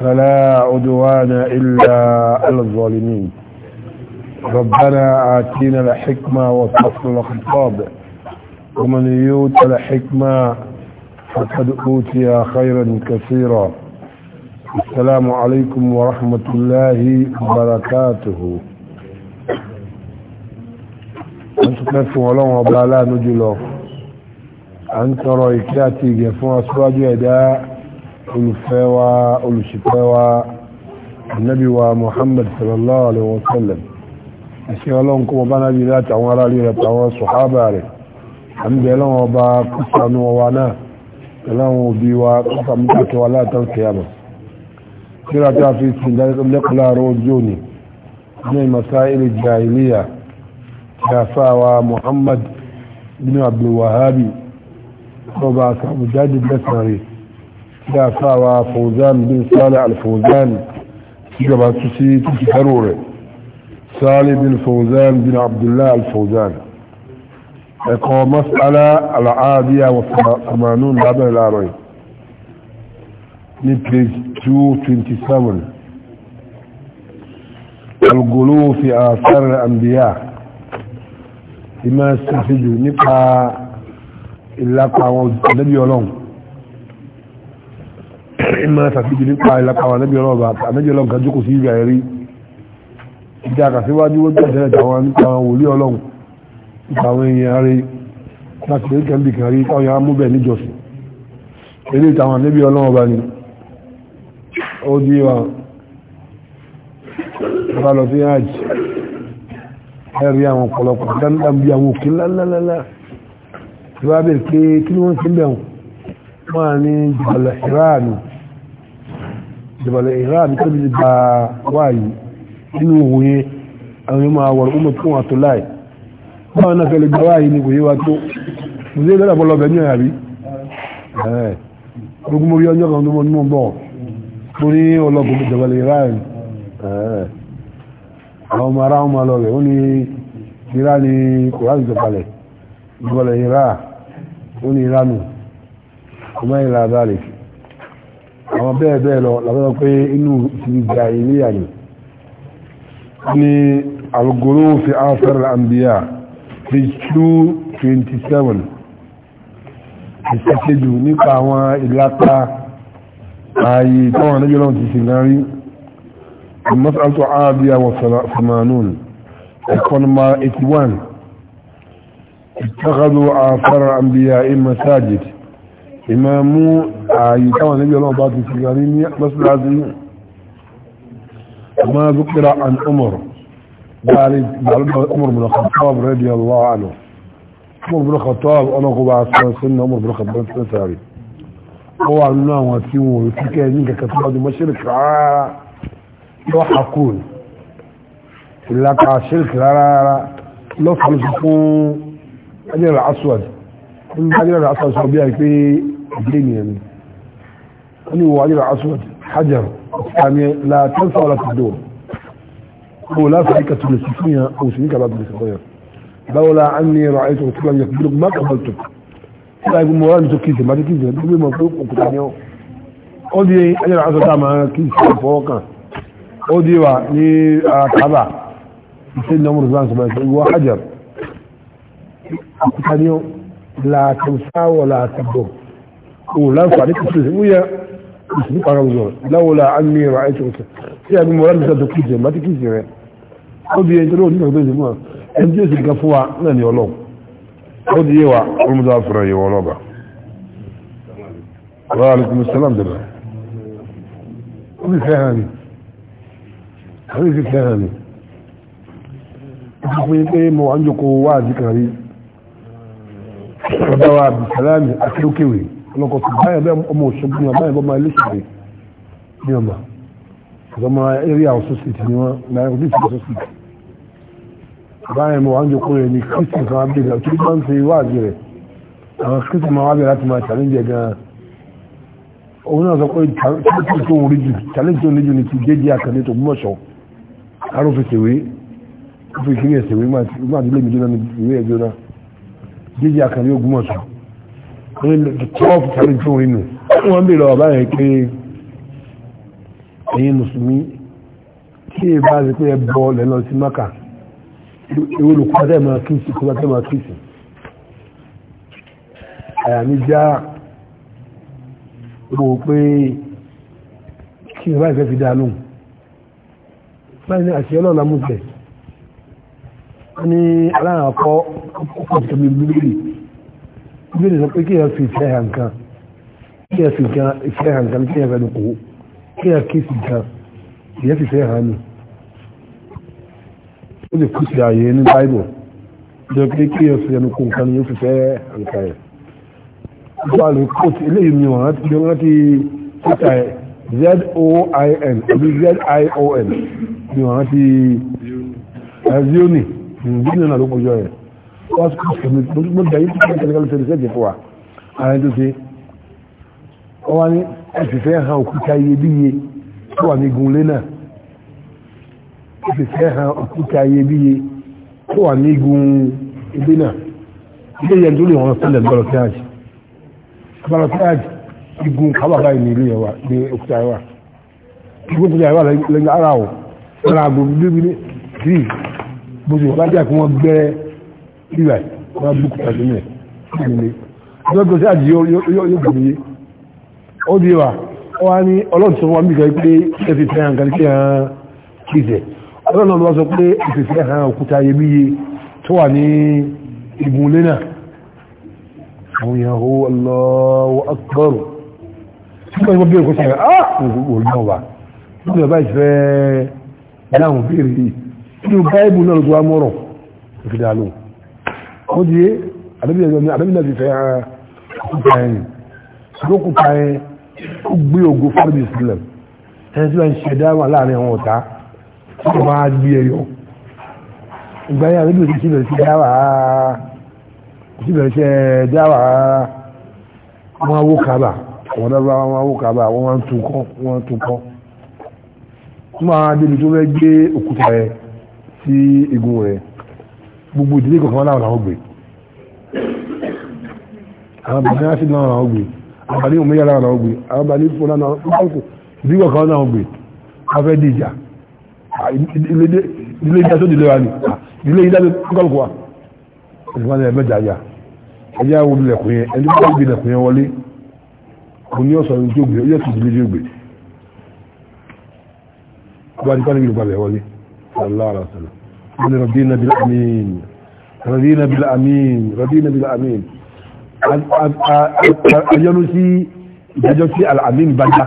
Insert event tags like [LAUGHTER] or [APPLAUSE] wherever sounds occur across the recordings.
فلا عدوان إلا على الظالمين ربنا آتينا الحكمة وفصل الخطاب ومن يوت الحكمة فقد أوتي خيرا كثيرا السلام عليكم ورحمة الله وبركاته أنت فون الله وبلا نجلو أنت رأيكاتي فون أسواج إذا olùfẹ́ wa olùṣìpẹ̀ wa annabi wa muhammad sallallahu alaihi wasallam iṣẹ́ ọlọ́run kó bá nábi láti àwọn ará rírẹ̀ tàwọn sọ̀hábà rẹ̀ àmì ẹlọ́wọ̀n ọba kúsànú wa náà ẹlọ́wọ̀n òbí wa kúsàmúkàtọ̀ aláàtàn kìyàmà kíra tí a fi sin lẹ́kùnláàrọ̀ ojú òní ní masáìlì jahiliya tí a fà wa muhammad bin abdulwahabi ọba sàbùjáde bẹ́sàn rẹ̀ da sawa fauzan bin sani al-fauzan gaba su si tuki harore sali bin fauzan bin abdullahi al-fauzan ẹ̀kọ́ masala al'adiyya wa samanun labar larai ní page 227 al-gulu fi asar al-anbiya ima safidu nípa ìlàpàwọn ìdẹ́bí ọlọ́run ìmọ̀ ṣàfihàn nípa ìlàpàwà anábì ọlọ́ọ̀bà anábì ọlọ́ọ̀gá jókòó sí ìgbà ẹ̀rí ìdí àkàsíwájú wọ́n tó àjẹ́rẹ̀ tàwọn nípa wòlíì ọlọ́run nípa àwọn èèyàn rí láti rí kẹ́mbì kan rí táwọn yàrá mú bẹ́ẹ̀ níjọsìn eré ìtàwọn anábì ọlọ́ọ̀bà ni ó di wa bá lọ sí hajj ẹ̀rí àwọn ọ̀pọ̀lọpọ̀ dandan bí àwọn òkè lálálálá ìwà bẹ̀rẹ̀ pé kí ni wọ́n ti bẹ̀rù wọ́n ní jàlẹ̀ ìráàlú ìdàbàlẹ̀ ìráàbí tó bí bá wáyé nínú òwòye àwọn yóò máa wọ̀rọ̀ ọmọ fún àtò láì báwọn náà fẹ́lẹ̀ gbà wáyé ní òwòye wa tó mo dé lọ́dà bọ́lọ̀ bẹ̀mí àyàbí ogun mo rí ọjọ́ kan tó mọ́ nínú bọ̀ tó ní ọlọ́gùn ìdàbàlẹ̀ ìráàbí àwọn ọmọ ara wọn máa lọ rẹ̀ ó ní ìrá ni kòrán ìdàbàlẹ̀ ìdàbàlẹ̀ ìrá ó ní ìránù ọmọ ìlà balẹ̀ àwọn bẹ́ẹ̀ bẹ́ẹ̀ lọ lọ́wọ́ pé inú ìgbà ilé àyè ní algoro fi afar al-anbiya 227 ìṣẹ́kẹ́jù nípa àwọn ìlàta ààyè táwọn anájọ́ lọ́wọ́ ti ṣe lárí المسألة عابية وثمانون رقم 81 اتخذوا آثار الأنبياء مساجد إمامو ààyè táwọn níbi ọlọ́run bá ti fìgbà ní mọ́síláàzí ma zukira an umar láàrin balúgbà umar bin khattab radiyallahu anhu umar bin khattab ọlọ́kọ̀ bá sọ sínú umar bin khattab tó sáré ó wà nínú àwọn tí wọn ò fi kẹ́ ní kẹ̀kẹ́ tó wájú mọ́ṣílìkì rárá lọ́ hakun ìlàkà ṣílìkì rárá lọ́fàlù fún ajẹ́rẹ̀ aswad ń aswad sọ bí i pé ìdílé nìyẹn ni ní wàlíra aswad hajar àmì látẹ́sà wà látàdó kò láti ka tulè sí fún yà kò sí ní kaba tulè sí fún yà báwo la an ní ra àìsàn tó lọ́yẹ̀ kúrò má kà bàtò tí a gbogbo wọn tó kí sí máa kí sí bí mo fẹ́ kò kúta ní ọ ó di ayẹ̀rọ aṣọ tá a máa kí sí fọwọ́ kan ó wa hajar kúta ní ọ látẹ́sà wà látàdó kò láti ka tulè sí fún nípa ara òjò láwọlá àmì ìrọ̀ àìsàn òkè tí a bí mo rẹ́mi sọ́dọ̀ kìí jẹ́ má ti kìí jẹ́ rẹ̀ ó di ẹjọ́ lóòótọ́ tó ṣe mú wa ẹni tí ó sì ga fún wa náà ni ọlọ́kọ̀ tó báyọ̀ bẹ́ẹ̀ ọmọ òṣogbo náà báyọ̀ bọ́mọ iléṣẹ̀lẹ̀ ní ọmọ ọmọ area of society ni wọn náà ní ìṣẹ̀lẹ̀ society báyọ̀ mọ̀ wá ń jókòó rẹ̀ ní christian kan abẹ́rẹ́ ọ̀tún bá ń ṣe wáàdì rẹ̀ àwọn christian máa wá bẹ̀rẹ̀ láti máa challenge ẹ̀ gan-an òun náà sọ pé challenge tó ń rí jù challenge tó ń rí jù ni ti dédé àkàndé tó mọ̀ ṣọ́ arọ́ fi ṣèwé ó fi kiri ẹ̀ṣẹ̀wé gbàdúrà mi jóná ní ìwé ẹ̀jọ́ náà dédé àkàndé ó gbọ́mọ̀ ṣọ́ twelve tàbí tún rí nù wọ́n bèèrè ọ̀bá yẹn pé ẹ̀yin mùsùlùmí kí ẹ bá rí pé ẹ bọ́ lẹ́lọ sí maka ewu olùkọ́ tẹ́ máa kí sí kọ́lá tẹ́ máa kí sí àyà mi já mo pé kí ẹ bá ìfẹ́ fi dá lóhùn báyìí ní àṣeyọ́ náà lámúṣẹ̀ wọ́n ní aláàkọ́ ọkọ̀ tẹ̀mí bíbélì bí ní sọ pé kí ẹ fi ìfẹ́ hàn kan kí ẹ fi ìfẹ́ hàn kan kí ẹ fẹ́ lóko kí ẹ kí sí kan kí ẹ fi ìfẹ́ hàn ni ó lè kú sí ààyè ní báìbù jẹ́ pé kí ẹ fi ẹnu kó nǹkan ni ó fi fẹ́ hàn kan yẹn ìgbà lè kó sí eléyìí mi wọ́n ti wọ́n ti títà ẹ̀ z-o-i-n àbí z-i-o-n mi wọ́n ti ẹ̀ zioni ìdílé náà ló kọjọ yẹn wọ́n sọ pé mo dẹ̀ yìí kíkẹ́ kẹ́kẹ́ lọ́sẹ̀ lọ́sẹ̀ jẹ́ fún wa àwọn ẹni tó ṣe wọ́n wá ní ẹ̀sìn fẹ́ hàn òkúta iyebíye tó wà ní igunlé náà ẹ̀sìn fẹ́ hàn òkúta iyebíye tó wà ní igun ilé náà ilé yẹn tó lè wọ́n sílẹ̀ lọ́rọ̀ sí àjì lọ́rọ̀ sí àjì igun kábàbá yìí ilé yẹn wà ní òkúta yẹn wà igun òkúta yẹn wà lẹ́yìn ara ò lọ́rọ̀ ríra ẹ̀ wọ́n búkú tàbí mẹ́ ìgbìmí lọ́gbọ́n sí àjíyọ yóò gbìmí yé ó di wà ó wá ní ọlọ́run sọ wọn bíkà pé ẹfì fẹ́ hàn kàríkì hàn kìsẹ̀ ọlọ́run lọ́wọ́ sọ pé ẹfì fẹ́ hàn òkúta yẹmíye tó wà ní igun ilé náà àwọn èèyàn ó lọ́wọ́ akọ́rù tí wọ́n bí ẹ̀kọ́ sọ̀rọ̀ ah òwò náà wà nígbà bá ìfẹ́ dáhùn bí èrè yìí nínú báyìí bù náà lọ́dọ̀ wá mọ́rọ̀ òkè dáa lóhùn ó di àdébí ẹ̀rọ ní àdébí náà ti fẹ́ ọkùnkà ẹ̀yìn lókùnkà ẹ̀yìn ó gbé ògo fọ́lùbí sílẹ̀ ẹni tí wọ́n ń ṣẹ̀dá wà láàrin àwọn ọ̀tá tí wọ́n máa gbé ẹ̀yọ ìgbà yẹn àdébí òsì síbẹ̀rẹ̀ sí dáwà síbẹ̀rẹ̀ sí dáwà wọn awó kábà wọn dábà wọn awó kábà wọn wá tún kọ́ wọn tún kọ́ wọn máa débi tó fẹ́ gbé òkúta rẹ̀ sí igun rẹ̀ gbogbo ìdílé kọ̀ọ̀kan láwọn làwọn gbé àwọn bàbá yára sí láwọn làwọn gbé àwọn bàbá omi yára làwọn gbé àwọn bàbá fún láwọn làwọn gbé ìdílé kọ̀ọ̀kan láwọn gbé wọn fẹ́ dìjà ìdílé ìjà tó dìlé wa ni ìdílé ìjà tó kọ̀ọ̀kan wa ìfúnni ẹ̀ mẹ́jà yà ẹ̀yà wo bilẹ̀kùn yẹn ẹni tó gbé ilẹ̀kùn yẹn wọlé kò ní ọ̀sán tó gbé yóò tún ìdílé tó gbé wọ́n ti kọ́ ní ìlú pàbẹ̀ wọlé sallallahu alaihi wasallam رضينا بالأمين رضينا بالأمين رضينا بالأمين àjọ́nú sí ìdájọ́ sí al'amin bájá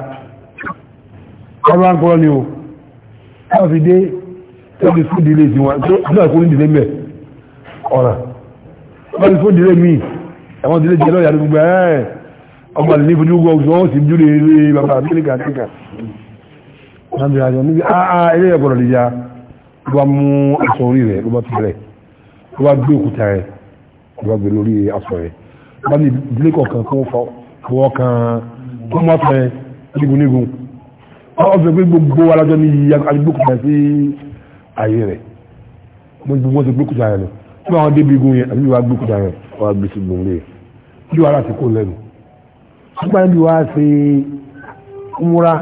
ọmọ akọrọ ni o káà fi dé tẹ́lì fún ìdílé sí wọn tó náà kó ní ìdílé mẹ́ ọ̀ràn tẹ́lì fún ìdílé mi ẹ̀wọ̀n ìdílé jẹ́ lọ́yà gbogbo ẹ̀ ọmọ ìlú ìfojú gbogbo ọ̀sán ó sì ń dúró eré bàbá amẹ́ríkà kíkà ló bá mú aṣọ orí rẹ̀ ló bá ti rẹ̀ ló bá gbé òkúta rẹ̀ ló bá gbé lórí aṣọ rẹ̀ ló bá ní ìdílé kọ̀ọ̀kan kó fọwọ́ kan tó mọ́ fẹ́ nígunnígun wọ́n fẹ́ pé gbogbo alájọ́ ní agbókùtà sí ayé rẹ̀ wọ́n ti wọ́n ti gbókùtà rẹ̀ lọ tí wọ́n dé bí igun yẹn àbí wọ́n gbókùtà rẹ̀ wọ́n gbé sí gbòǹgbò yẹn bí wàhálà ti kó lẹ́nu nígbà yẹn bí wọ́n á ṣe múra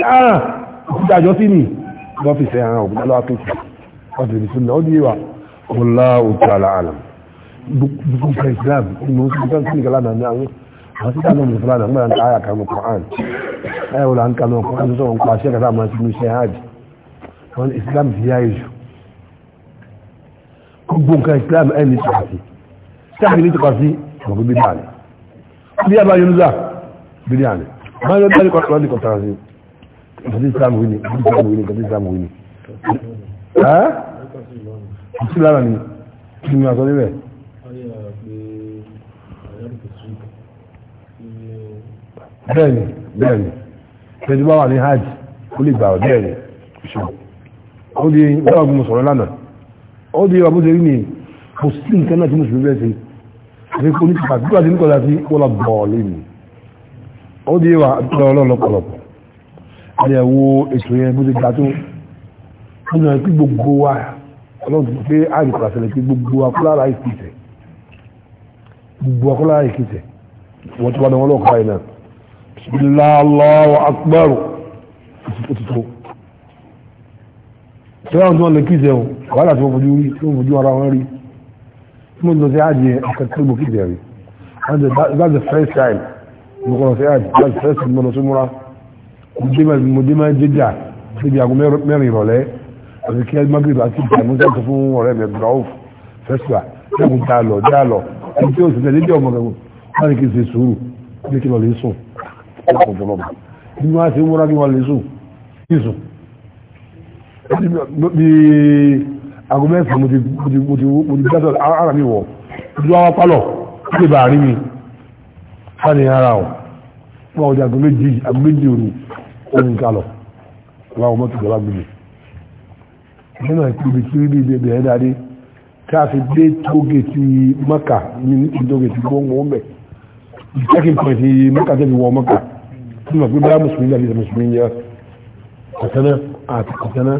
yára ah, òkúta àjọ sí nìyí lọ́fíìsì ẹ̀hàn ọ̀gbọ́n lọ́fíìsì ọ̀sẹ̀ ìsúná ó díwà wallahu ta'ala alam bukun fẹ́ islam inú sọ́kàn sí nìkan lánàá ní àwọn àwọn títà náà mùsùlùmí lánàá gbọ́dọ̀ ń ta àyà kan Qur'an ẹ̀yà wọ́n là ń kanú Qur'an tó sọ̀rọ̀ ń pa ṣẹ́ kàtà máa ti mú iṣẹ́ hajj wọn islam ti yá èjù gbogbo nǹkan islam ẹ̀ ní tọ́kasí táàkì ní tọ́kasí ọ̀gbọ́n bíbí àná bí abáyọ̀ nígbà bíbí àná báyọ̀ nígbà ní kọ̀ọ̀tà ìdí sáàmù wí ni ìdí sáàmù wí ni ìdí sáàmù wí ni. ìtú lára ni kí ni àtọ́ níbẹ̀. bẹ́ẹ̀ni bẹ́ẹ̀ni ìṣẹ́jú bá wà ní hajj ó lè gbà ọ́ bẹ́ẹ̀ni ìṣòro ó di báwa gbọ́n sọ̀rọ̀ lánàá ó di àbúté rí ni kò sí nǹkan náà tí mo sì bẹ́ẹ̀ sí àti kò ní kàkàdúrà tí nìkan láti wọ́n lọ bọ̀ọ̀lì ni ó di wa àbúté ọlọ́ọ̀lọ́pọ̀lọpọ̀ ọdẹ wo ètò yẹn bóde gbà tó nínú ẹ gbogbo wa ọlọ́run pé àrùkọ̀ àṣẹlẹ̀ pé gbogbo akọ́lára ìkìtẹ̀ gbogbo akọ́lára ìkìtẹ̀ wọ́n tó bá dán wọn lọ́kọ̀ báyìí náà bisimilahi Allahu akbar òtítọ́ tọ́lá tó wọn lè kí sẹ́wọ̀n wàhálà tó fojú rí tó fojú ara wọn rí tí wọ́n lọ sí àjẹ ọ̀kẹ́ tó gbò kí that's the first time mo kọ́ lọ sí àjẹ that's the first time mo lọ sí mo dé máa jẹjà níbi àgọ́ mẹ́rin ìrọ̀lẹ́ àti kí magreth àti ìgbàmúsá tó fún ọ̀rẹ́ mi brauf fẹ́sùà lẹ́kùn tá a lọ dá a lọ ẹni tí ó sì tẹ̀lé jẹ́ ọmọ kẹ́kọ̀ọ́ wọ́n ní kí n ṣe sùúrù ní kí n lọ lè sùn ọ̀pọ̀lọpọ̀ bí wọ́n á ṣe ń múra kí wọ́n lè sùn kí sùn. bí aago mẹ́sàn-án mo ti mo ti mo ti gbẹ́sọ̀ ara mi wọ̀ ojú àwọn pálọ̀ kí lè bàa rí mi sáà ní ara ọ̀ wọ́n àwọn ọjà àgọ́ méjì àgọ́ méjì òru ohun kalọ láwọn mọ́tò tó lágbègbè nínú ìpínlẹ̀ kiri bí ibẹ̀ bẹ̀rẹ̀ dáadé káàfi dé tóge ti maka ní ìdóge ti gbóngbó mẹ́ second point ni maka tẹ́lẹ̀ wọ maka tí wọ́n pé bá mùsùlùmí dàbí ìsẹ̀ mùsùlùmí yẹ kọ̀tẹ́nà àti kọ̀tẹ́nà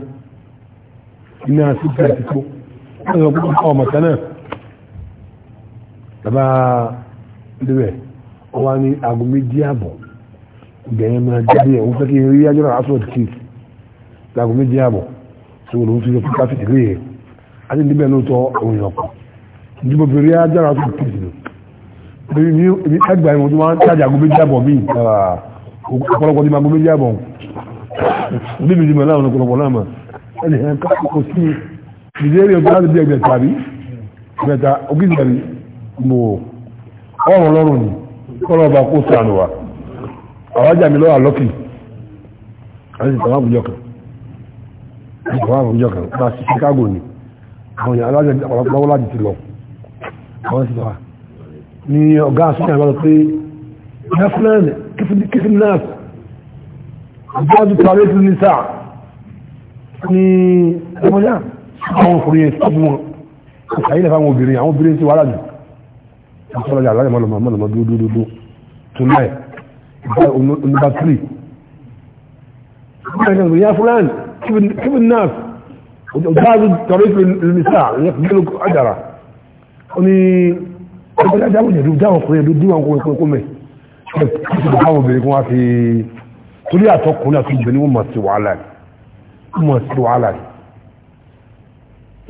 iná sí ti àti kó wọ́n yọ kó kọ́ ọmọ tẹ́nà bàbá ìdíbẹ̀ wọ́n wá ní aago méjì àbọ̀ gẹ̀yẹ́ máa jáde ẹ̀ wọ́n fẹ́ kí rí ajọ́ náà aswad kit láago méjì àbọ̀ tó wọ́n lòún fi lọ fún káfí tẹ̀lé yẹ àti níbẹ̀ ló tọ́ àwọn èèyàn kù ìdìbò fi rí ajọ́ náà aswad kit nù ní ẹgbà ìwọ̀n tó máa ń tajà ago méjì àbọ̀ míì ah, ọ̀pọ̀lọpọ̀ ti máa ago méjì àbọ̀ níbi ìdìbò láwọn ọ̀pọ̀lọpọ̀ náà mà ẹnì kan kò sí ìdílé ọjọ́ láti bí ẹgbẹ̀ tàbí ẹgbẹ̀ta ogíjì tàbí mo ọ̀rọ̀ lọ́rùn ni kọ́lọ́ ọba àwọn ajá mi lọ́wọ́ àlọ́kì àwọn ìsìn tàwọn àbújọ kan àwọn àbújọ kan bá sí Chicago ni àwọn ìyá alájọ ọ̀pọ̀lọpọ̀ láti ti lọ àwọn ìsìn tàwọn ni ọ̀gá àṣìṣẹ́ àbá lọ pé nafnan kìfìn náà ọjọ́ ọdún tó alẹ́ tó ní sáà ní ọmọdé àwọn ọkùnrin yẹn tó fún wọn àyílẹ̀ fáwọn obìnrin àwọn obìnrin sí wàhálà jù àtọ́lọ́jà alájọ mọ́lọmọ́ mọ́lọmọ́ dúdúdúdú tó náà number three يا فلان كيف الناس وجاز طريق للنساء يقبلك أجرة أني أقول لا دعوني لو دعوا قوي لو دعوا قوي قوي قوي سبحانه بيكون في تولي أتوقعنا في بني وما سوى على وما سوى على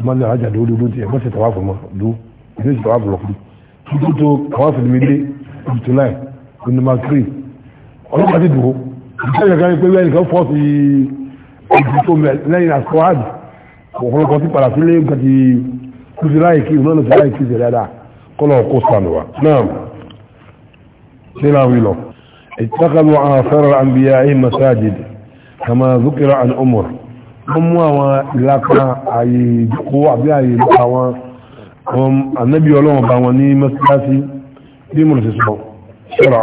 ما لا حاجة دو دو دو ما تتوافق ما دو ليش توافق لك دو دو توافق المدي بتلاقي كنا ما كريم ọlọ́pàá ti dùn ìṣẹ́yìn kan pé wẹ́n nìkan fọ́ọ̀sì ìdí tó mẹ lẹ́yìn àsọ́wádìí ọ̀pọ̀lọpọ̀ ti padà sílé nǹkan ti kùsì láì kí ìmọ̀nà ti láì kí ìṣẹ̀lẹ̀ dáa kọ́lọ̀ kó sànù wa náà ṣe náà wí lọ ìtàkàlù àfẹ́rẹ̀ àmbíyá ayé masajid kama zukira an umar wọ́n mú àwọn ìlàkà ààyè ìjókòó àbí ààyè àwọn ànábì ọlọ́wọ̀n bá wọn ní mọ́sálásí bí mo lè sọ ṣọ́ra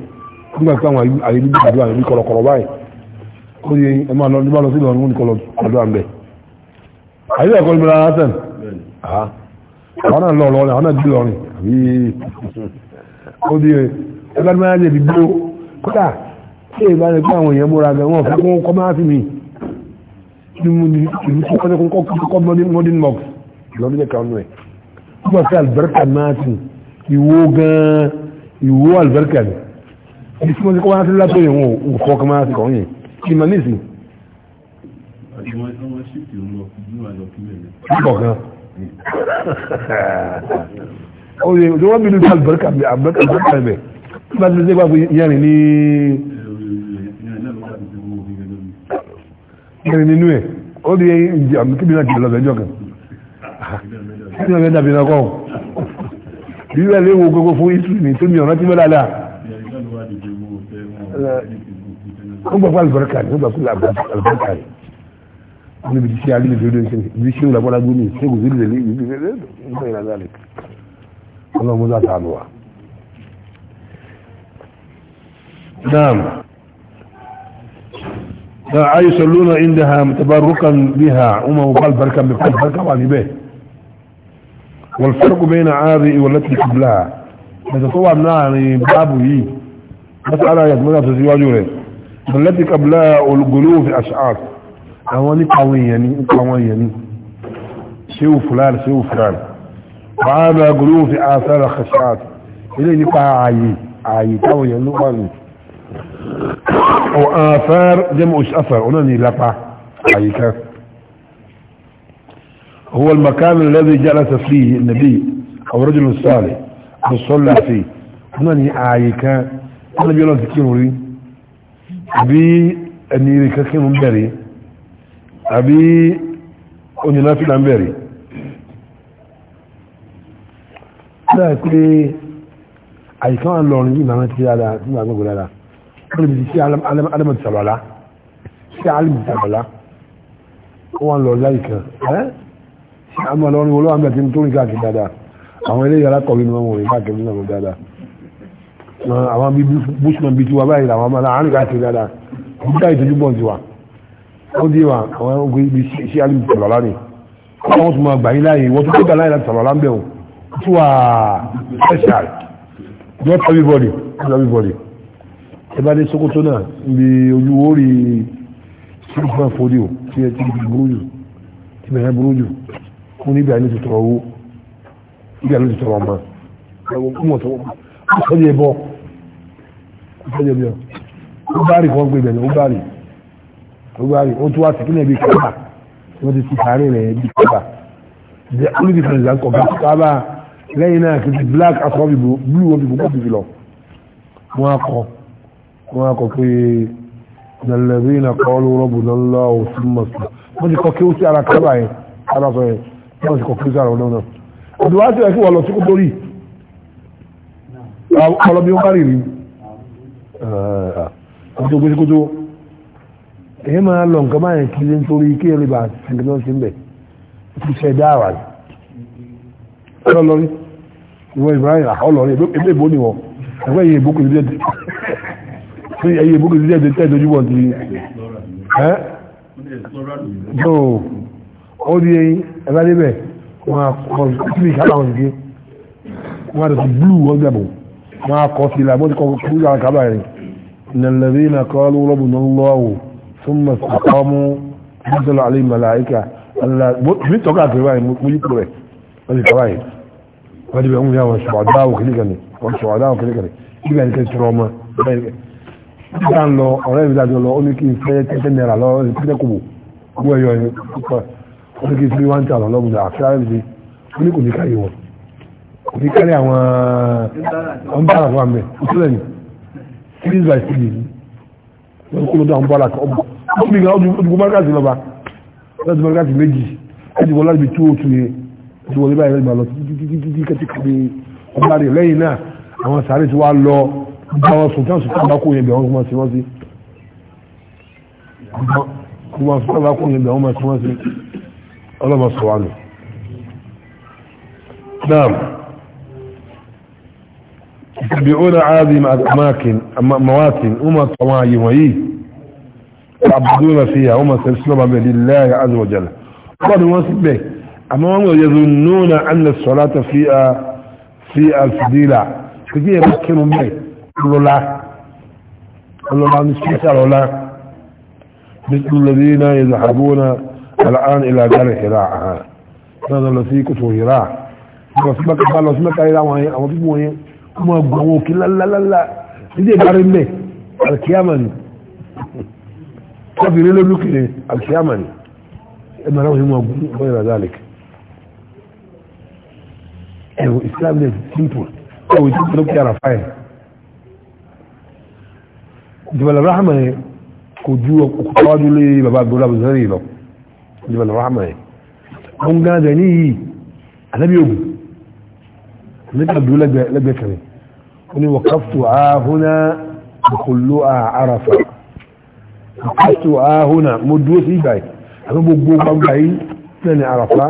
nígbà tí àwọn àyè níbi àdúrà ní kọ̀lọ̀kọ̀lọ̀ báyìí ó yẹ ẹ máa lọ nígbà lọ sí ìlọrin ní kọ̀lọ̀ àdúrà ń bẹ̀. àyè ẹ̀kọ́ níbi rárá sẹ́n àwọn náà lọ lọrin àwọn náà dì lọrin àbí ó di ẹgbẹ́ máa jẹ́ ìdìbò kódà tí èyí bá rẹ̀ pé àwọn èèyàn múra gan wọn fẹ́ kún kọ́ máa sí mi ìlú tí wọ́n kọ́ kọ́ modern box lọ́dún jẹ́ kan nù ẹ̀ nígbà tí alberta máa ti ìwó gan ìwó alberta ni ibi tí wọ́n ti kọ́ wá sí látó yẹn wọn ò fọ́ kọ́ máa ti kọ́ yẹn kí ma nísìn. kíkọ̀kan [LAUGHS] oye ojú wọn bínú sí àlùbáríkà bẹ àlùbáríkà bẹ bẹ tí wọ́n ti ṣe bá fi yẹrin ní yẹrin nínú ẹ̀ ó di àmì kíbi náà kìlọ̀ lọ́jọ́ kan kí ni wọ́n fẹ́ dàbí náà kọ́ bí wọ́n lé wo gbogbo fún ìtúni tó ní ọ̀rán tí wọ́n dáadáa wọ́n gbà fún alibarika ni wọ́n gbà fún alibarika ni wọ́n níbi tí alẹ́ lè dúró ní ibi tí ìlàbọ́lá gbóni ṣé kò sí lè lé ibi lè lé nígbà ìlà dálẹ̀ ọlọ́run mọ́tò àtàlù wa. naam na ayi salluna indaha mutabarukan biha umma wa albarka bi albarka wa bibe wal farqu bayna aadhi wa lati qiblaha da to wa na ni babu yi مسألة يتمنى في سواجه التي قبلها القلوب في أشعار أواني قوي يعني سيو فلان سيو فلان وهذا قلوب في آثار الخشعات إليه نقع عايي عايي يعني قوي وآثار جمع أثر أنني لقع عايكا هو المكان الذي جلس فيه النبي أو رجل الصالح وصلى فيه أنني عايكا alábí ọlọ́run ti kírun rí àbí ẹni rẹ̀ kan kírun bẹ̀rẹ̀ àbí oníná fìlà ń bẹ̀rẹ̀ láì pé àyíká wọn lọrin yìí máa ti dára tí wọn gbogbo dára wọn lè fi sí alámọ̀ tìsàlọ́lá sí alámọ̀ tìsàlọ́lá wọn lọ láì kan ẹ́ sí alámọ̀ lọrin olóhàmì àti nítorí káàkiri dáadáa àwọn ilé kọ̀wé ni wọn wọ̀nyí káàkiri náà dáadáa àwọn bí bushman bí tiwa báyìí làwọn máa láàárín káàkiri dáadáa nígbà ìtọ́jú bọ̀ tiwa ó dé wa àwọn ogun ibi sí alimu sọlọlá ni wọ́n tún máa gbà yín láàyè wọ́n tún tó gbà láti sọlọlá ń bẹ̀ wọ́n tún wà special not everybody not everybody ẹ bá dé Sokoto náà níbi ojú orí six man fodi o tí ẹ ti di burú jù tí bẹ̀rẹ̀ burú jù fún níbi àyè ló ti níbi àyè ló ọmọ ọmọ tó wọ́n sọ yẹ bọ́ ìfẹ́jọ bí ọ ó bá rí kan gbé bẹ̀rẹ̀ ó bá rí ó bá rí ó tún wá sí kílẹ̀ bí kábà wọ́n ti ti sàárín rẹ̀ bí kábà the only difference is kọ̀ọ̀kan kábà lẹ́yìn náà kì í ti black akọ bìbò blue wọn bìbò kọ́bìbì lọ wọn akọ wọn akọ pé nàlẹ́bí náà kọ́ ló rọ́bù náà lọ́wọ́ sí mọ̀sán wọ́n ti kọ́ kí ó sí ara kábà yẹn kábà sọ yẹn wọ́n ti kọ́ kí ó sí ara ọ̀dọ́ náà ọ̀dọ́ wa ti rẹ̀ kí wọ́n lọ sí kó torí ọlọ́bí kótó gbèsè kótó èyí máa lọ nǹkan báyìí kiri nítorí kí ẹ lè bá ṣẹ̀ǹkì náà ṣe ń bẹ̀ ti ṣẹ̀ dá àwà rẹ̀ ọ̀rọ̀ lọ́rí ìwọ Ibrahim ọlọ́rí ẹgbẹ́ ìbò nìwọ̀ ẹgbẹ́ ìyẹ̀ ìbókù ìdílé ẹyẹ ìbókù ìdílé ẹ̀dẹ̀ tẹ́ ìdójú wọn ti ẹ́ tó ó di ẹyin ẹ̀rọ níbẹ̀ wọn kọ́ sí ìkàlà wọn ti gé wọn àdàtì blue wọn gbẹ̀bọ̀ máa kọ́ sí ilà mọ́tí kọ́kọ́ kúrò àwọn kábà rẹ̀ nàlẹ́rí na kọ́lù rọ́bùnà lọ́wọ́ fún mọ̀sàkọ́mú mọ́tọ́lá alẹ́ màláìkà mi tọ́ka àti ìwà ìmú yípo rẹ̀ wọ́n ti kọ́ra yìí wọ́n ti bẹ̀ ń yà wọ́n sọ̀dáwò kìlíkàní wọ́n sọ̀dáwò kìlíkàní ibẹ̀ ní kẹ́ tọrọ ọmọ nígbà lọ ọ̀rẹ́ mi dájọ́ lọ ó ní kí n kò ní káyé wọn òfi kárí àwọn ọ̀nbára fún àmì ìtúlẹ̀ ní series by series wọ́n kó lọ́dọ̀ ọ̀nbára kan ọ̀bù ọ̀bù nìkan ọdún mọ́kàtí lọ́ba ọdún mọ́kàtí méjì ẹ̀dì wọ́n láti tó òtún oh yẹ ẹ̀dì wọ́n báyìí lọ́dún lọ títí kẹ́tí kàbí ọ̀bá rẹ̀ lẹ́yìn náà àwọn sàárè tí wàá lọ bá wọn sùn táwọn sùn táwọn bá kó yẹn bẹ̀ wọ́n kó máa sí wọ́n sí ọlọ́mọ sọ wa nù. يتبعون هذه الأماكن مواسم أما الطواعي وهي يعبدون فيها أما تسلم لله عز وجل قال واسبه أما هم يظنون أن الصلاة فيها فيها الفضيلة كذي يمكنهم به قالوا لا قالوا لا نسكت قالوا لا مثل الذين يذهبون الآن إلى دار هراء هذا الذي كتبه هراء وسمك قال وسمك هراء وهي أو ọmọ ọgbọ̀n àwọn òkè lálálálá nídé ìbárí mẹ́ alkiyamani kọfìrí lólúkìrí alkiyamani ẹgbẹ̀rẹ̀ àwọn ìmọ̀ ọgbọ̀n ọgbọ̀n ìrà dalek ẹ̀rọ islam is simple ẹ̀rọ ìtí tó lókè ara fáyẹ̀ jibala rahama yẹ kò ju òkútọ́wájú lé baba abdullahi abdullahi lọ jibala rahama yẹ wọn gánà dẹ̀ níyì anábíyògùn nígbà dúró lẹ́gbẹ̀ẹ́ kẹrẹ ó ní wàkàftù àhúnà ìkòló àràfà wàkàftù àhúnà mo dúró sí ìgbà yìí àti gbogbo gbangba yìí náà ní àràfà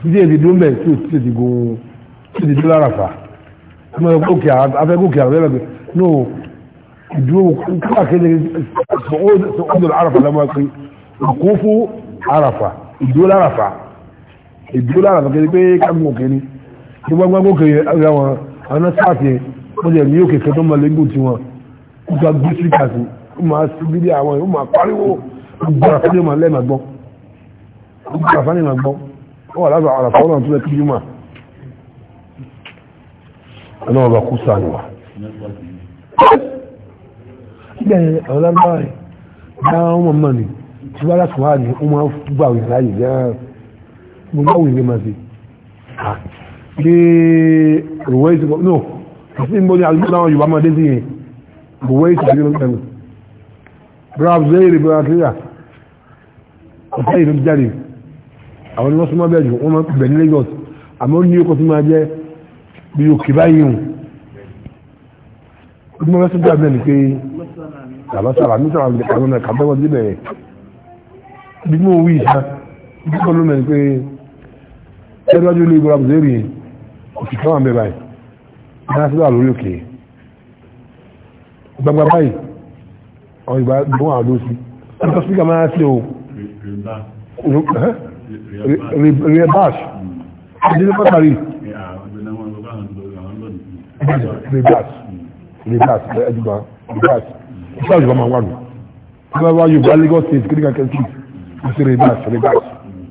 títí èdè dúró mẹ́rin tí ò tí èdè gòun tí èdè dúró àràfà ọmọ ẹgbẹ́ òkè afẹ́ gòkè àràfà bẹ́ẹ̀ bẹ́ẹ̀ no ìdúró kíkà kéde sọ̀kọ́dọ̀ àràfà lọ́mọ pé òkú fún àràfà ìdúró àràfà ìdúró àràfà kéde pé kámi òkè ni tí wọ́n gbágbó kèrè ara wọn aná sáàtì wọ́n jẹ̀ ní òkè kẹtọ́ mọ̀lẹ́gbò tí wọ́n gba gbé síkà sí ó máa sí bíbí àwọn ó máa pariwo gbogbo àfáàní máa lẹ́ẹ̀mà gbọ́ gbogbo àfáàní máa gbọ́ ó wà lábàá àràfà ọ̀nà tó lẹ́ kí jùmọ̀ ọ̀nà ọba kú sànù wa. ibẹ̀ àwọn lábàárẹ̀ dá ọmọ mọ̀ ni tí wọ́n lásìkò wà ní ó máa gbàwé láàyè gẹ́gẹ́ mo gbàwé ní màsí bí rùwẹ́ ìsìnkú no àti ìmọ̀ ní àdúgbò láwọn yorùbá máa dé sí yẹn rùwẹ́ ìsìnkú pẹ̀lú brav zaire bí akíyà ọ̀sẹ̀ ìlú jáde àwọn ni wọ́n súnmọ́ bẹ́ẹ̀ jù wọ́n máa bẹ̀ ní Lagos àmọ́ ní okòó tí máa jẹ́ bí òkè báyìí hùn bí wọ́n fẹ́ sọ́jà bẹ́ẹ̀ ni pé bàbá sábà ní sábà kàwọn náà kàbẹ́ wọn débẹ̀ bí mo wí ìta bí wọ́n lómẹ̀ ni pé ẹgbẹ́ ọjọ́ ilé òkè káwọn bẹ báyìí náà sí wà lórí òkè gbangba báyìí ọ̀rọ̀ ìgbà gbọ́n àdó sí ọjọ́ síkà máa sí o rebash ìdílé pàtàkì rebash rebash ẹjùgbà rebash ìṣẹ́ òjùgbà máa wà nù tí wọ́n wá yóò bá Lagos state kíríkà kẹ́sì ìṣẹ́ rebash rebash hmm.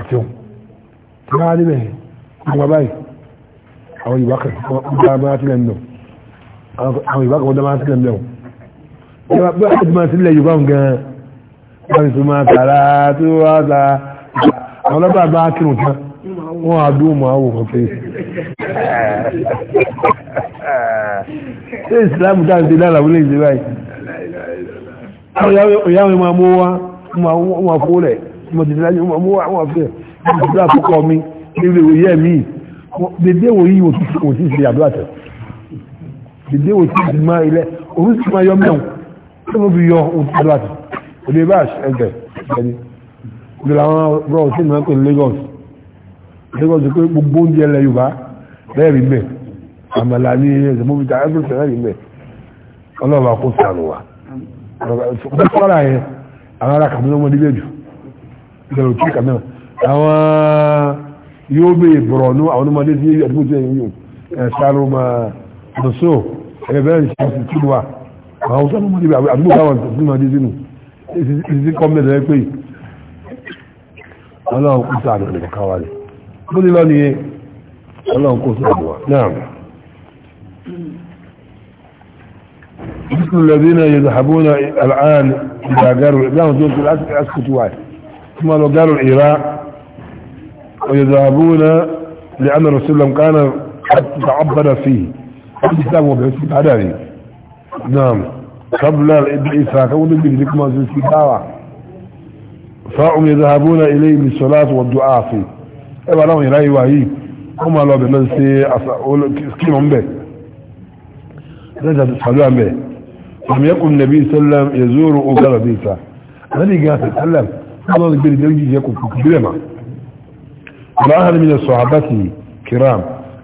ẹ̀tẹ́wọ̀n tí wọ́n á nílẹ̀ gbangba báyìí àwọn ìwà kan dáadáa sílẹ̀ ń lọ àwọn ìwà kan dáadáa sílẹ̀ ń lọ ìwà pé àwọn ìwà sílẹ̀ yorùbá ń gan wọ́n ti súnmọ́ tààrà tí wọ́n á ta àwọn ọlọ́pàá bá kírun tán wọ́n á dún mọ́ àwọn òkàn pé ṣé ìsìlámù dáa ń ṣe lára wọlé ìṣe báyìí àwọn ìyá wọn máa dédé wo yìí wò sí ṣe àdúrà tẹ̀ dédé wo sí ṣe máa ilẹ̀ òun sì máa yọ mẹ́wọ̀n tó ló fi yọ òun àdúrà tẹ̀ òde bá ẹgbẹ̀ ẹni òde làwọn rọ́ọ̀ sí ìmọ̀ pé Lagos Lagos pé gbogbo oúnjẹ ilẹ̀ Yorùbá lẹ́ẹ̀rí mẹ́ àmàlà ní ẹ̀sẹ̀mọ́bìtà ẹgbẹ̀sẹ̀ lẹ́ẹ̀rí mẹ́ ọlọ́ọ̀bà kó sànù wa ọ̀rọ̀ yẹn àwọn ará kàmínà ọmọdé bẹ́ẹ̀ jù ìgbẹ̀rù kí kàmínà àwọn yóò bèè bọ̀rọ̀nú àwọn ọmọdé tí yíyà tó jẹ́ yíyùn ẹ̀ṣàrò máa lọ́sọ́ ẹ̀bẹ̀rẹ̀ ìṣẹ́sì tí wà àwọn ọmọdé ọmọdé àdúgbò táwọn ọmọdé sínú ìsí kọ́mẹ̀tẹ̀ rẹ pé ọlọ́run kó sáà lọ́nà ìbọ̀ká wa rẹ̀ bó ní lọ́nà yẹn ọlọ́run kó sáà lọ́wọ́ náà مثل الذين يذهبون الآن إذا قالوا إذا قالوا ويذهبون لأن الرسول لم كان قد تعبد فيه نعم قبل الإساءة ونبي لكم هذه الدعوة فهم يذهبون إليه بالصلاة والدعاء فيه إبا لهم إلهي وهي هم الله بمنسي أسكينهم به لذا تصحلون به لم يكن النبي صلى الله عليه وسلم يزور أقل بيسا النبي قال صلى الله عليه وسلم الله يقول لك ولا من الصحابة كرام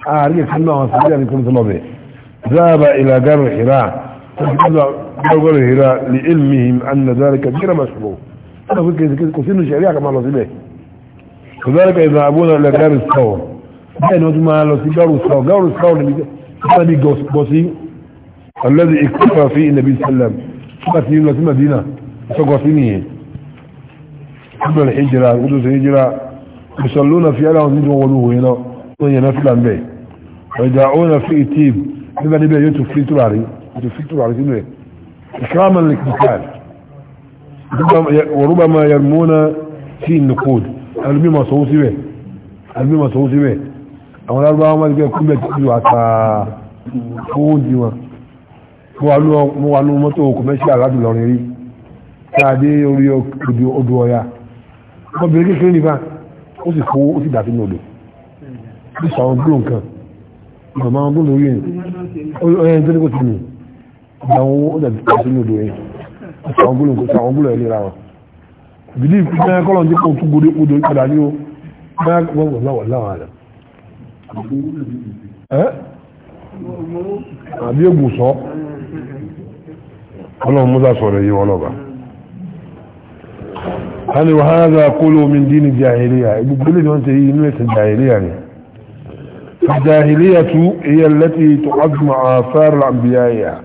أعرف حنا وصحابة أن يكون ثم ذهب إلى جار الحراء وقال الحراء لعلمهم أن ذلك غير مشروع أنا قلت كذا كثير من الشريعة كما نصيبه كذلك يذهبون إلى جر الثور بين وجمع نصيب جر الثور جر الثور الذي قصي الذي اكتفى فيه النبي صلى الله عليه وسلم قتل مدينة المدينة فقصينيه قبل الحجرة قدس الهجرة يصلون في ألا ونجد وولوه هنا وهي نفلا به ويدعون في إتيب لما نبي في تراري يتفلي تراري تنوي إكراما للكتال وربما يرمون في النقود ألمي ما صوصي به ألمي ما صوصي به أما الأربعة ما لقى كم يتفلي حتى فون ديما mo wà ní mọ́tò kọmẹ́ṣíà láti lọ rìn rí tàbí orí odò ọya ọbìnrin kékeré ó sì fowó ó sì dà sínú odò ó sọ àwọn gbóhùn kan màmá àwọn gbóhùn lórí ẹ̀ ẹ̀ tó ní kò sí nù ìgbà wọn ó dà sínú odò yẹn ó sọ àwọn gbóhùn kò sọ àwọn gbóhùn ẹ̀ lera wọn bìlí ìpínlẹ̀ kọ́lọ̀ ní kò tún gbódé odò padà ní o báyà wọ́n wọ̀ láwọ̀ láwọ̀ àlẹ́ ẹ́ àbí ègbò sọ ọlọ́run mú sá sọ̀rọ̀ wọn lọ́ba. هل وهذا قولوا من دين الجاهلية يقول لي أنت هي إيه نوية الجاهلية يعني الجاهلية هي التي تعظم آثار الأنبياء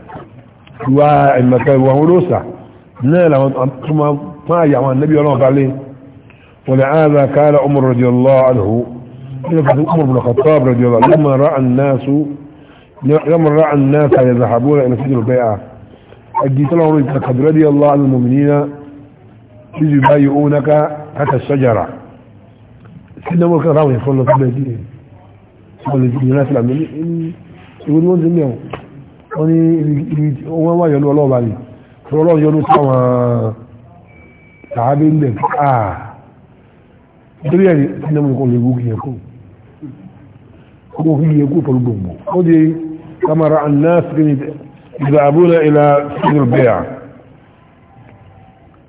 والمكان وهلوسة نالا ثم ما يعمل النبي الله لي ولهذا قال عمر رضي الله عنه عمر بن الخطاب رضي الله عنه لما رأى الناس لما رأى الناس يذهبون إلى سجن البيعة أجيت له رضي الله عن المؤمنين إذ يبايعونك تحت الشجرة سيدنا مولك راوي يقول لك بيدي يقول لك الناس العمل يقول لون زميهم wọ́n ní wọ́n wá yọnu ọlọ́ọ̀bá ni ọlọ́ọ̀ yọnu táwọn tàbí ilẹ̀ àà nítorí ẹ̀rí ẹ̀nà mọ̀ ìkọlù ìwú kìí ẹ̀kọ́ ọmọ kìí ẹ̀kọ́ gbogbo ó di kamara annáà sí ìgbà àbúrò ilá sí ìrùbẹ̀yà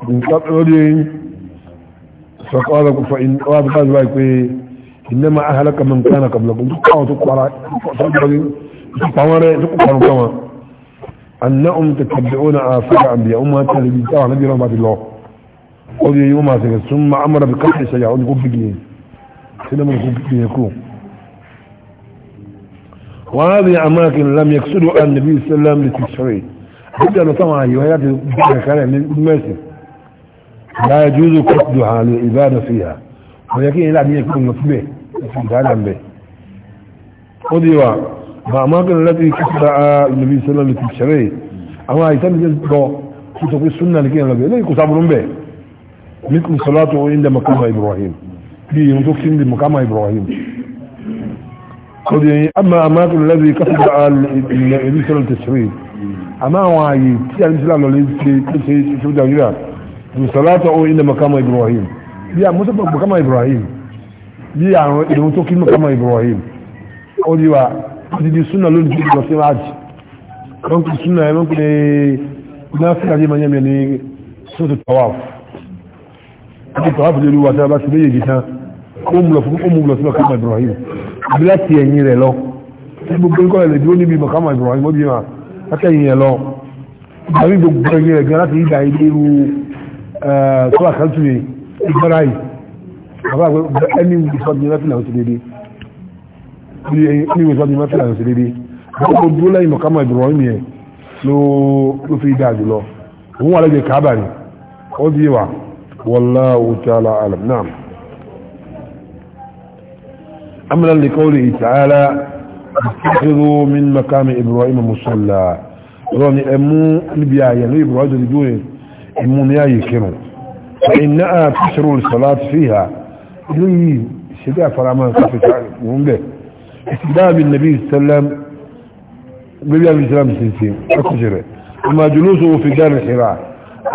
لوري فقال فإن قال قال بايك إنما أهلك من كان قبلكم تقعوا تقعوا تقعوا أنهم تتبعون آثار أنبياء أمها تلبي سواء نبي رحمة الله قل يا يوم أسنك ثم أمر بقطع شجاع ونقول بجين سنما نقول بجين يكون وهذه أماكن لم يقصدها النبي صلى الله عليه وسلم لتشريع هذا نطمع أيها يأتي بجين كلام من المسجد لا يجوز قصدها للعبادة فيها ولكن إلا أن يكون مطبع سبحانا به قدوا ما أماكن التي كسر النبي صلى الله عليه وسلم في الشريع أما يتم جزء كتب السنة لكي نلقى لا يكون صبر به مثل صلاته عند مقام إبراهيم في متوكسين بمقام إبراهيم قدوا أما أماكن الذي كسر النبي صلى الله عليه وسلم في الشريع أما هو يتم جزء كتب السنة لكي نلقى musalata o inda makama ibrahim bí a musa makama ibrahim bí àwọn ìdòwò tó kí makama ibrahim ó di wa ó ti di súnà lónìí tó lọ sí máàjì wọ́n kì í súnà ẹ̀ wọ́n kì í náà sí àjẹ́ mayami ní sóòtù tawaf àti tawaf lórí wa tí a bá ti léyè jì tán ó mú lọ fún ó mú lọ sí makama ibrahim àbí láti ẹ̀yìn rẹ̀ lọ tí gbogbo nǹkan rẹ̀ lè dúró níbi makama ibrahim ó bí wa láti ẹ̀yìn rẹ̀ lọ àbí gbogbo ẹ̀yìn rẹ̀ gan láti ìgbà ilé irú tó wà kàntù rẹ̀ ìgbára yìí bàbá àgbẹ̀ ẹni ìsọ́dún yẹn mẹ́fìlà ọ̀sẹ̀ dédé ẹni ìsọ́dún yẹn mẹ́fìlà ọ̀sẹ̀ dédé wọ́n kò dúró lẹ́yìn mọ̀kámà ìdúró ló fi dáa jùlọ òun wà lẹ́gbẹ̀ẹ́ kábà ni ó di wà wallahu ta'ala alam naam amala li qawlihi ta'ala ittakhidhu min maqami ibrahim musalla rọ́ni ẹmú níbi àyẹ̀ ní ibrahim المنيا كنو فإنها تشر الصلاة فيها لي شداء فرامان صفت من به استدام النبي صلى الله عليه وسلم السلام سنسين أكجره أما جلوسه في دار الحراء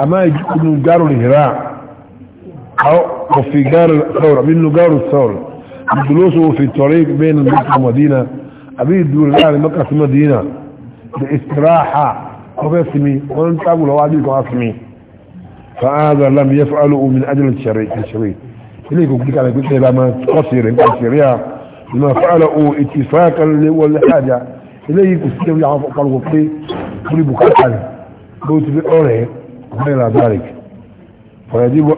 أما يجب دار الحراء أو في دار الثورة منه دار الثورة جلوسه في الطريق بين مكة ومدينة أبي الدول الآن مكة في مدينة باستراحة وفي اسمي وانتعبوا لو عديكم فهذا لم يفعله من أجل الشريع إليكم كلك على كل لما تقصر عن الشريعة لما فعله اتفاقا والحاجة إليكم كلك يعرف قلبه في كل بكاء قلت في أوله غير ذلك فيجب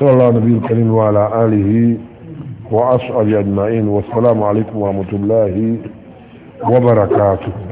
صلى الله نبي الكريم وعلى آله وأصحابه أجمعين والسلام عليكم ورحمة الله وبركاته